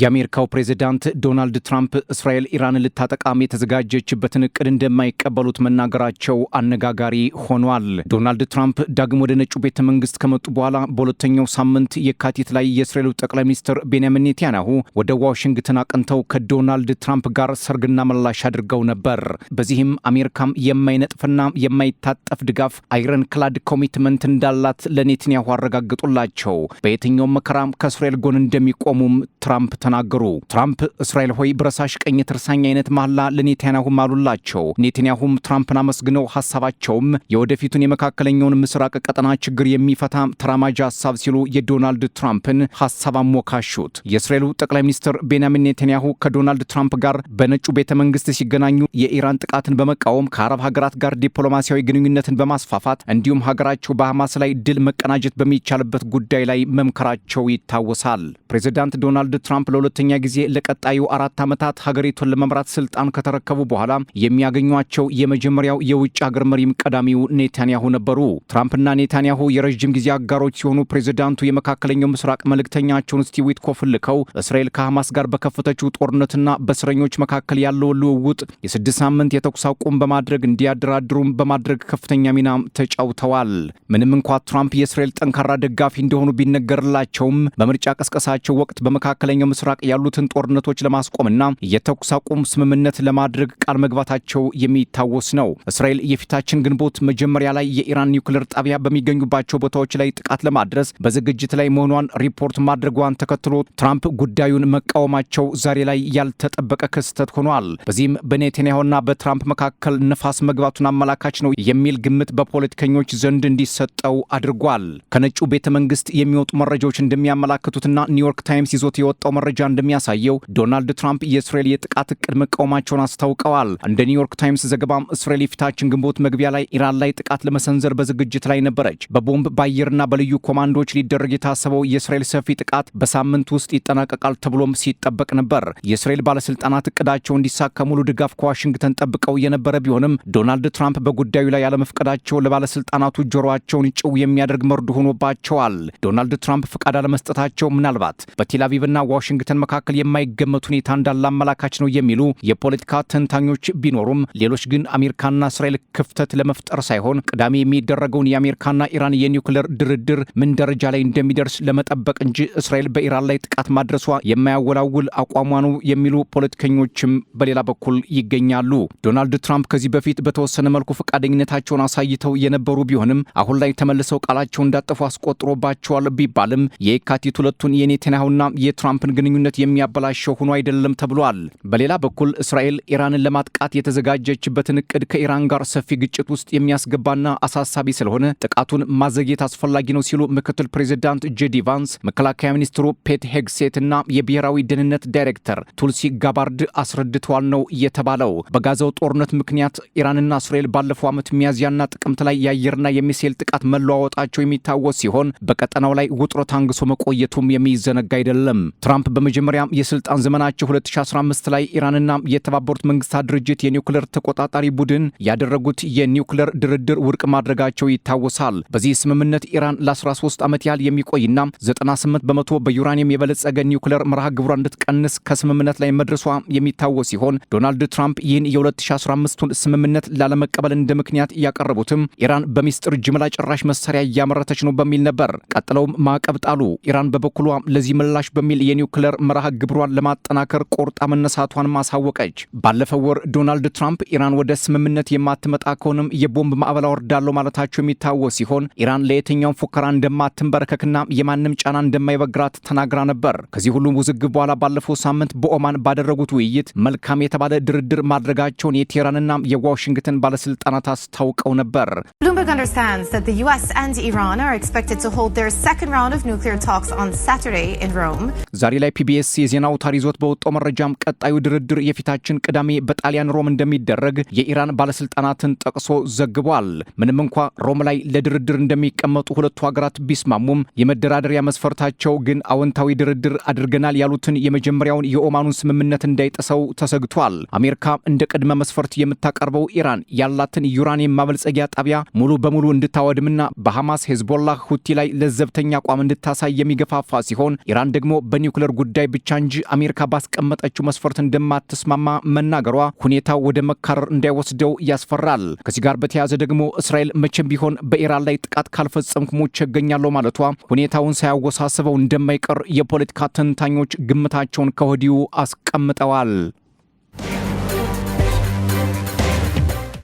የአሜሪካው ፕሬዚዳንት ዶናልድ ትራምፕ እስራኤል ኢራን ልታጠቃም የተዘጋጀችበትን እቅድ እንደማይቀበሉት መናገራቸው አነጋጋሪ ሆኗል። ዶናልድ ትራምፕ ዳግም ወደ ነጩ ቤተ መንግስት ከመጡ በኋላ በሁለተኛው ሳምንት የካቲት ላይ የእስራኤሉ ጠቅላይ ሚኒስትር ቤንያሚን ኔታንያሁ ወደ ዋሽንግተን አቅንተው ከዶናልድ ትራምፕ ጋር ሰርግና ምላሽ አድርገው ነበር። በዚህም አሜሪካም የማይነጥፍና የማይታጠፍ ድጋፍ አይረን ክላድ ኮሚትመንት እንዳላት ለኔታንያሁ አረጋግጡላቸው በየትኛውም መከራም ከእስራኤል ጎን እንደሚቆሙም ትራምፕ ተናገሩ። ትራምፕ እስራኤል ሆይ ብረሳሽ ቀኝ ትርሳኝ አይነት ማላ ለኔታንያሁም አሉላቸው። ኔታንያሁም ትራምፕን አመስግነው ሀሳባቸውም የወደፊቱን የመካከለኛውን ምስራቅ ቀጠና ችግር የሚፈታ ተራማጅ ሀሳብ ሲሉ የዶናልድ ትራምፕን ሀሳብ አሞካሹት። የእስራኤሉ ጠቅላይ ሚኒስትር ቤንያሚን ኔታንያሁ ከዶናልድ ትራምፕ ጋር በነጩ ቤተ መንግስት ሲገናኙ የኢራን ጥቃትን በመቃወም ከአረብ ሀገራት ጋር ዲፕሎማሲያዊ ግንኙነትን በማስፋፋት እንዲሁም ሀገራቸው በሐማስ ላይ ድል መቀናጀት በሚቻልበት ጉዳይ ላይ መምከራቸው ይታወሳል። ፕሬዚዳንት ዶናልድ ትራምፕ ለሁለተኛ ጊዜ ለቀጣዩ አራት ዓመታት ሀገሪቱን ለመምራት ስልጣን ከተረከቡ በኋላ የሚያገኟቸው የመጀመሪያው የውጭ ሀገር መሪም ቀዳሚው ኔታንያሁ ነበሩ። ትራምፕና ኔታንያሁ የረዥም ጊዜ አጋሮች ሲሆኑ ፕሬዚዳንቱ የመካከለኛው ምስራቅ መልእክተኛቸውን ስቲቭ ዊትኮፍ ልከው እስራኤል ከሐማስ ጋር በከፈተችው ጦርነትና በእስረኞች መካከል ያለው ልውውጥ የስድስት ሳምንት የተኩስ አቁም በማድረግ እንዲያደራድሩም በማድረግ ከፍተኛ ሚና ተጫውተዋል። ምንም እንኳ ትራምፕ የእስራኤል ጠንካራ ደጋፊ እንደሆኑ ቢነገርላቸውም በምርጫ ቀስቀሳቸው ወቅት በመካከለኛው ምስራቅ ያሉትን ጦርነቶች ለማስቆምና የተኩስ አቁም ስምምነት ለማድረግ ቃል መግባታቸው የሚታወስ ነው። እስራኤል የፊታችን ግንቦት መጀመሪያ ላይ የኢራን ኒውክሌር ጣቢያ በሚገኙባቸው ቦታዎች ላይ ጥቃት ለማድረስ በዝግጅት ላይ መሆኗን ሪፖርት ማድረጓን ተከትሎ ትራምፕ ጉዳዩን መቃወማቸው ዛሬ ላይ ያልተጠበቀ ክስተት ሆኗል። በዚህም በኔታንያሁና በትራምፕ መካከል ነፋስ መግባቱን አመላካች ነው የሚል ግምት በፖለቲከኞች ዘንድ እንዲሰጠው አድርጓል። ከነጩ ቤተ መንግስት የሚወጡ መረጃዎች እንደሚያመላክቱትና ኒውዮርክ ታይምስ ይዞት የወጣው መረጃ መረጃ እንደሚያሳየው ዶናልድ ትራምፕ የእስራኤል የጥቃት እቅድ መቃወማቸውን አስታውቀዋል። እንደ ኒውዮርክ ታይምስ ዘገባም እስራኤል የፊታችን ግንቦት መግቢያ ላይ ኢራን ላይ ጥቃት ለመሰንዘር በዝግጅት ላይ ነበረች። በቦምብ በአየርና በልዩ ኮማንዶዎች ሊደረግ የታሰበው የእስራኤል ሰፊ ጥቃት በሳምንት ውስጥ ይጠናቀቃል ተብሎም ሲጠበቅ ነበር። የእስራኤል ባለስልጣናት እቅዳቸው እንዲሳካ ሙሉ ድጋፍ ከዋሽንግተን ጠብቀው የነበረ ቢሆንም ዶናልድ ትራምፕ በጉዳዩ ላይ ያለመፍቀዳቸው ለባለስልጣናቱ ጆሮቸውን ጭው የሚያደርግ መርዶ ሆኖባቸዋል። ዶናልድ ትራምፕ ፈቃድ አለመስጠታቸው ምናልባት በቴላቪቭና አቪቭና ዋሽንግተን በዋሽንግተን መካከል የማይገመት ሁኔታ እንዳለ አመላካች ነው የሚሉ የፖለቲካ ተንታኞች ቢኖሩም ሌሎች ግን አሜሪካና እስራኤል ክፍተት ለመፍጠር ሳይሆን ቅዳሜ የሚደረገውን የአሜሪካና ኢራን የኒውክሌር ድርድር ምን ደረጃ ላይ እንደሚደርስ ለመጠበቅ እንጂ እስራኤል በኢራን ላይ ጥቃት ማድረሷ የማያወላውል አቋሟ ነው የሚሉ ፖለቲከኞችም በሌላ በኩል ይገኛሉ። ዶናልድ ትራምፕ ከዚህ በፊት በተወሰነ መልኩ ፈቃደኝነታቸውን አሳይተው የነበሩ ቢሆንም አሁን ላይ ተመልሰው ቃላቸው እንዳጠፉ አስቆጥሮባቸዋል ቢባልም የካቲት ሁለቱን የኔታንያሁና የትራምፕን ግንኙነት የሚያበላሸው ሆኖ አይደለም ተብሏል። በሌላ በኩል እስራኤል ኢራንን ለማጥቃት የተዘጋጀችበትን እቅድ ከኢራን ጋር ሰፊ ግጭት ውስጥ የሚያስገባና አሳሳቢ ስለሆነ ጥቃቱን ማዘግየት አስፈላጊ ነው ሲሉ ምክትል ፕሬዚዳንት ጄዲ ቫንስ፣ መከላከያ ሚኒስትሩ ፔት ሄግሴት እና የብሔራዊ ደህንነት ዳይሬክተር ቱልሲ ጋባርድ አስረድተዋል ነው የተባለው። በጋዛው ጦርነት ምክንያት ኢራንና እስራኤል ባለፈው ዓመት ሚያዝያና ጥቅምት ላይ የአየርና የሚሳኤል ጥቃት መለዋወጣቸው የሚታወስ ሲሆን በቀጠናው ላይ ውጥረት አንግሶ መቆየቱም የሚዘነጋ አይደለም። ትራምፕ በመጀመሪያ የስልጣን ዘመናቸው 2015 ላይ ኢራንና የተባበሩት መንግስታት ድርጅት የኒውክሌር ተቆጣጣሪ ቡድን ያደረጉት የኒውክሌር ድርድር ውድቅ ማድረጋቸው ይታወሳል። በዚህ ስምምነት ኢራን ለ13 ዓመት ያህል የሚቆይና 98 በመቶ በዩራኒየም የበለጸገ ኒውክሌር መርሃ ግብሯ እንድትቀንስ ከስምምነት ላይ መድረሷ የሚታወስ ሲሆን ዶናልድ ትራምፕ ይህን የ2015ቱን ስምምነት ላለመቀበል እንደ ምክንያት ያቀረቡትም ኢራን በሚስጥር ጅምላ ጨራሽ መሳሪያ እያመረተች ነው በሚል ነበር። ቀጥለውም ማዕቀብ ጣሉ። ኢራን በበኩሏ ለዚህ ምላሽ በሚል የኒውክሌር የኒውክሌር መርሃ ግብሯን ለማጠናከር ቆርጣ መነሳቷን ማሳወቀች። ባለፈው ወር ዶናልድ ትራምፕ ኢራን ወደ ስምምነት የማትመጣ ከሆንም የቦምብ ማዕበል አወርዳለሁ ማለታቸው የሚታወስ ሲሆን ኢራን ለየትኛውም ፉከራ እንደማትንበረከክና የማንም ጫና እንደማይበግራት ተናግራ ነበር። ከዚህ ሁሉ ውዝግብ በኋላ ባለፈው ሳምንት በኦማን ባደረጉት ውይይት መልካም የተባለ ድርድር ማድረጋቸውን የቴህራንና የዋሽንግተን ባለስልጣናት አስታውቀው ነበር። Bloomberg understands that the US and Iran are expected to hold their second round of nuclear talks on Saturday in Rome. ዛሬ ላይ ፒቢኤስ የዜና አውታር ይዞት በወጣው መረጃም ቀጣዩ ድርድር የፊታችን ቅዳሜ በጣሊያን ሮም እንደሚደረግ የኢራን ባለስልጣናትን ጠቅሶ ዘግቧል። ምንም እንኳ ሮም ላይ ለድርድር እንደሚቀመጡ ሁለቱ ሀገራት ቢስማሙም የመደራደሪያ መስፈርታቸው ግን አወንታዊ ድርድር አድርገናል ያሉትን የመጀመሪያውን የኦማኑን ስምምነት እንዳይጥሰው ተሰግቷል። አሜሪካ እንደ ቅድመ መስፈርት የምታቀርበው ኢራን ያላትን ዩራኒየም ማበልጸጊያ ጣቢያ ሙሉ በሙሉ እንድታወድምና በሐማስ ሄዝቦላህ፣ ሁቲ ላይ ለዘብተኛ አቋም እንድታሳይ የሚገፋፋ ሲሆን ኢራን ደግሞ በኒውክለር ጉዳይ ብቻ እንጂ አሜሪካ ባስቀመጠችው መስፈርት እንደማትስማማ መናገሯ ሁኔታው ወደ መካረር እንዳይወስደው ያስፈራል። ከዚህ ጋር በተያያዘ ደግሞ እስራኤል መቼም ቢሆን በኢራን ላይ ጥቃት ካልፈጸምኩ ሞቼ እገኛለሁ ማለቷ ሁኔታውን ሳያወሳስበው እንደማይቀር የፖለቲካ ተንታኞች ግምታቸውን ከወዲሁ አስቀምጠዋል።